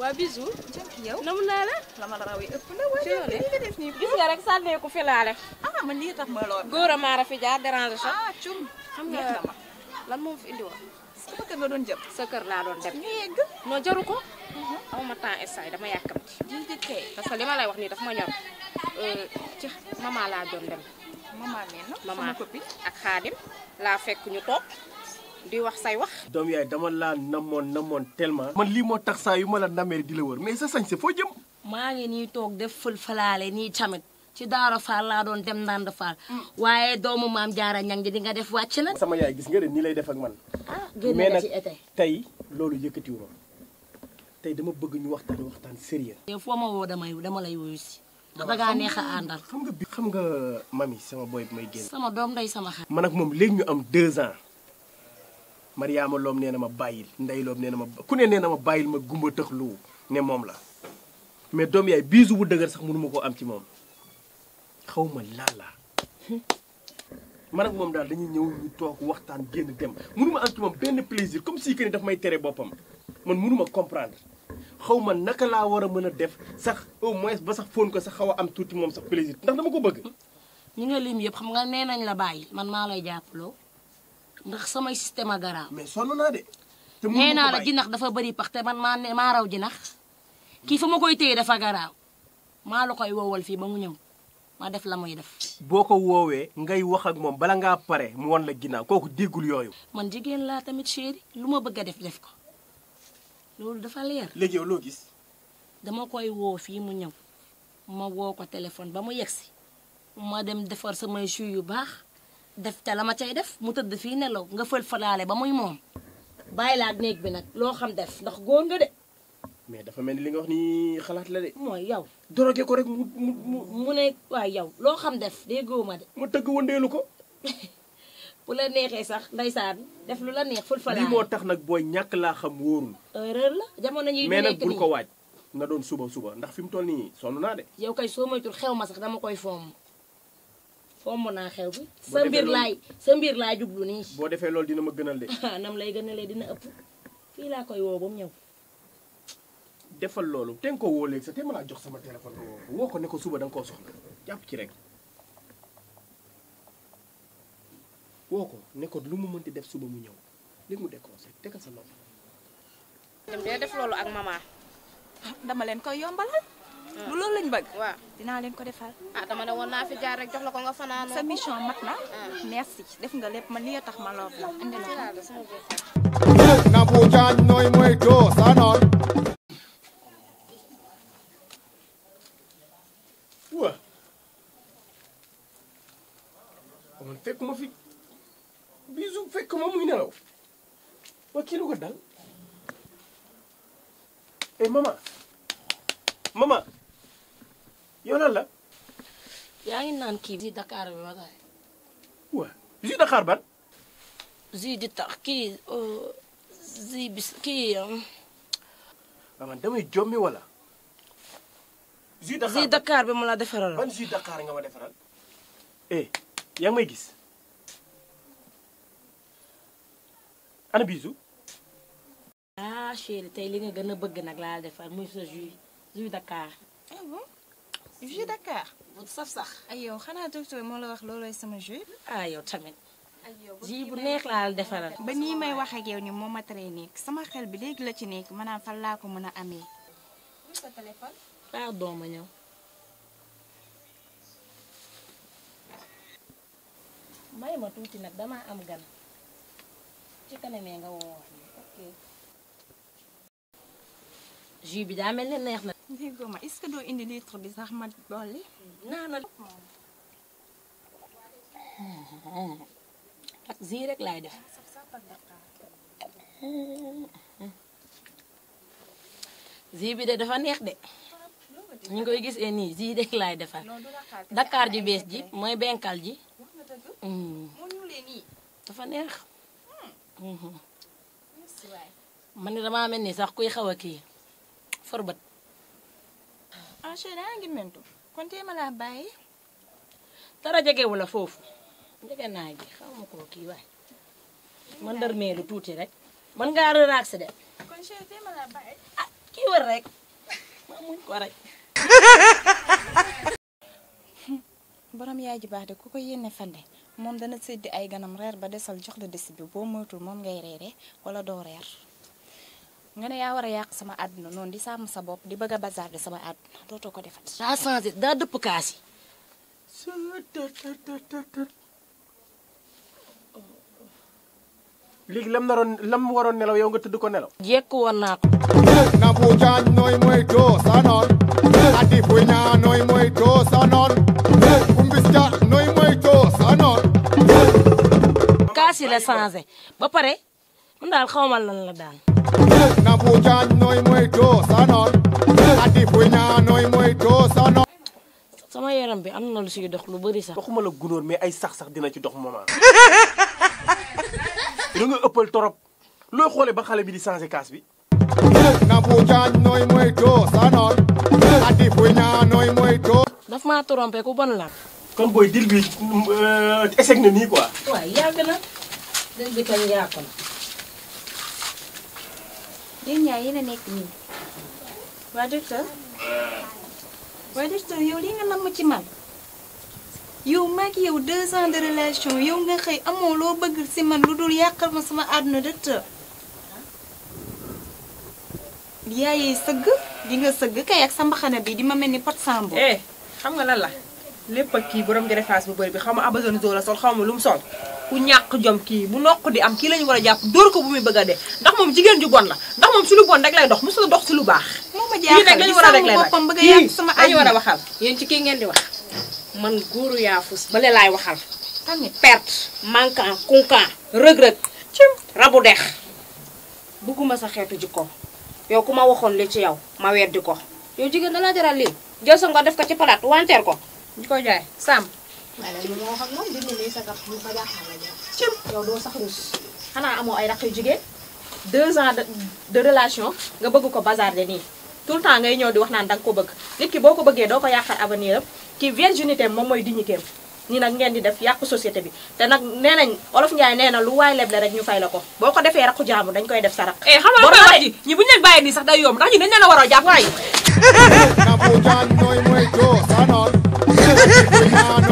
waa bisu. yow namu naa la. la ma la rawee ëpp na waaye nga rek sànneeku fi laale. ah góor a maara fi jaar déranger sax. Ah, cum xam nga lan moom fi indiwoon. sama kër nga doon jëm. sa kër laa doon dem. ñu yegg non ko. Mhm. aw ma temps instant dama yàkkamti. parce li ma lay wax nii daf ma ñor. Euh, ci maman laa doon dem. maman nee ak xaadim laa fekk ñu toog. di wax say wax dom yaay dama la namoon namoon tellement man li mo tax sa yuma la namee di la wër mais sa sañ ci fo jëm ma ngi ni tok def ful falaale ni tamit ci daara faal la doon dem ndànd faal waye doomu maam jaara ñang di nga def wacc na sama yaay gis nga ni lay def ak man ah génn nga ci été tey loolu yëkkatiwuma tey dama bëgg ñu waxtaan waxtaan sérieux yow fo ma dama yu dama lay wuyu ah, da nga nexa andal xam nga bi xam nga mami sama boy bi may génn sama dom day sama xar man ak mom légui ñu am 2 ans mariama lom neena ma bayil nday lom neena ma ku ne neena ma bayil ma gumba tëx ne mom la mais dom yaay bisu bu deugar sax mënuma koo am ci mom xawma la la man ak moom daal dañuy ñew ñu tok waxtaan genn dem mënuma am ci mom ben plaisir comme si keene daf may téré bopam man mënuma comprendre xawma ma naka la wara a def sax au moins ba sax foon ko sax xawa a am tuuti mom sax plaisir ndax dama ko bëgg. ñi nga lim yëpp xam nga la bayil man ma lay jàppaloo. ndax samay système a garaaw. mais sonn naa de. te nee naa la jinax dafa bari pax te man maa ne maa raw jinax kii fa ma koy téye dafa garaaw maa la koy woowal fii ba mu ñëw ma def la muy def. boo ko woowee ngay wax ak moom bala ngaa pare mu won la ginaaw kooku déggul yooyu. man jigéen laa tamit chéri lu ma bëgg a def def ko loolu dafa leer. léegi yow loo gis. dama koy woo fii mu ñëw ma woo ko téléphone ba mu yegsi ma dem defar samay jus yu baax. def ca la ma cay def mu tëdd fii nelaw nga fël falaale ba muy moom bàyyi laa néeg bi nag loo xam def ndax góor nga de. mais dafa mel ni li nga wax nii xalaat la de. mooy yow. doroge ko rek mu mu mu mu ne waaye yow loo xam def déggoo ma de. mu tëgg wëndeelu ko. bu la neexee sax nday ndeysaan def lu la neex ful fa lii moo tax nag booy ñàkk laa xam wóorul. erreur la jamono ñuy mais nag bul ko waaj. na doon suba suba ndax fi mu toll nii sonn naa de. kay soo moytul xew ma sax dama koy fomm. fomb naa xew bi sa mbir laay sa mbir laa jublu nii. boo defee loolu dina ma gënal de. nam lay gënalee dina ëpp fii laa koy woo ba mu ñëw. defal loolu te nga ko woo léegi sax te mën naa jox sama téléphone woo ko woo ne ko suba da nga koo soxla jàpp ci rek. woo ko lu mu mënti def suba mu ñëw li mu décorsé tegal sa loxo. dem dee def loolu ak mama. Ah, dama leen koy yombalal. lu loolu lañ bëgg. dinaa leen ko defal. Ah, woon naa fi jaar ko nga fanaanoo. sa mission mat na. Ah. merci def nga lépp man li tax ma lor la na bu jaañ nooy mooy doo sanoon. waa. man fekk ma fi bisu fekk ma muy nelaw wa kii ko dal. eh maman yow lan la. yaa ngi naan kii. jus dakaar bi ba taay. waaw jus ban. jus di kii euh, jus kii. waaw euh, ah, man damay jommi wala. jus Dakar jus bi ma la defaral. ban jus Dakar nga ma defaral. eh yaa ngi may gis. ana bisu. ah chérie tey li nga gën a bëgg nag laa defar muy sa jus jus Dakar. Ah vieux Dakar bu saf sax ay yow xanaa docteur moo la wax loolooy sama jus ah yow tamit ji bu neex laa defaral ba nii may wax ak yow ni moo ma teree nekk sama xel bi léegi la ci nekk maanaam fan laa ko mën a amee sa téléphone pardon ma ñëw may ma tuuti nag damaa am gan ci kanamee nga woo wax ni ok jus bi daa mel ne neex na déggoo ma est-ce que doo indi litre bi sax ma dolli naana moom ak zii rek laay def hmm. zii bi de dafa neex de eh, Ni ngi koy gisee nii zi rek Dakar ji eh, bes eh, ji moy benkal ji dafa neex man ne damaa sax kuy ah chérie yaa ngi mentu kon téema laa bàyyi dara jegewu la foofu jege naa ji xaw ma koo kii waay man dër meelu tuuti rek man ngaa relaxé de kon chérie téema laa bàyyi ah kii war rek ma muñ ko rek borom yaay ji baax de ku ko yéene fande moom dana séddi ay ganam reer ba desal jox la desi bi boo moytul moom ngay reere wala doo reer ngene ya wara yak sama àdduna non di sam sa bop di bëgg bazar de sama àdduna dootoo ko defat daa changé daa dëpp kaas yi lam naroon lam waron nelaw yow nga tëdd ko nelaw jekk woon naa ko na bu jaañ noy moy doo sanon noon adi bu ñaa noy moy doo sanon noon kumbis ja nooy mooy doo la changé ba pare mun xawmal lan la daal na bu jaañ nooy mooy doo sanoon addi bu ñaa nooy mooy doo sanoon sama yaram bi am na lu siy dox lu bari sax waxuma la ay sax sax dina ci dox moment lu nga ëppal torop looy xoole ba xale bi di changé kaas bi na bu jaañ nooy mooy doo sanoon addi bu ñaa nooy mooy doo daf maa trompé ku bon la kon booy dil bi euh, échec na nii quoi waaw yàgg na dil bi kañ yàqu yéen ñaar yéen a nekk nii waa docteur waa docteur yow li nga namm ci man yow maag yow deux ans de relation yow nga xëy amoo loo bëgg si man lu dul yàqal ma sama àdduna docteur yaayee sëgg di sëgg kay ak sa mbaxana bi di ma mel ni pot sambo eh xam nga lan la lépp ak kii borom greffage bu bëri bi xam ma abazone zo la sol xaw ma lu mu sol ku ñàkk jom kii bu noq di am kii lañu war a jàpp dóor ko bu muy bëgg a dee ndax moom jigéen ju bon na ndax moom si lu bon rek lay dox mosul dox si lu baax. moom ma jaaxal li sàmm boppam bëgg a yàq sama àll bi war a waxal. yéen ci kii ngeen wax man góoru yaafus bale laay waxal. tamit perte manquant kunkan rëg-rëg. cim rabu dex bugguma sa xeetu jikko yow ku ma waxoon li ci yow ma weddi ko. yow jigéen da laa jaral lii jël sa ngor def ko ci palaat wanteer ko. ñu koy jaay sàmm. waaye nag li ma wax ak moom dindi nii sa gaf bu ma la jëm. cim yow doo sax ruus xanaa amoo ay raq yu jigéen deux ans de relation nga bëgg ko bazarder nii tout le temps ngay ñëw di wax naan danga ko bëgg nit ki boo ko bëggee doo ko yàqal avenir am ki virginité moom mooy di am nii nag ngeen di def yàqu société bi te nag nee nañ olof Ndiaye nee na lu waay leble rek ñu fay la ko boo ko defee raqu jaamu dañ koy def sa raq. eh xam nga koy wax ji ñi bu ñu leen bàyyee nii sax day yomb ndax ñu dañ leen a war a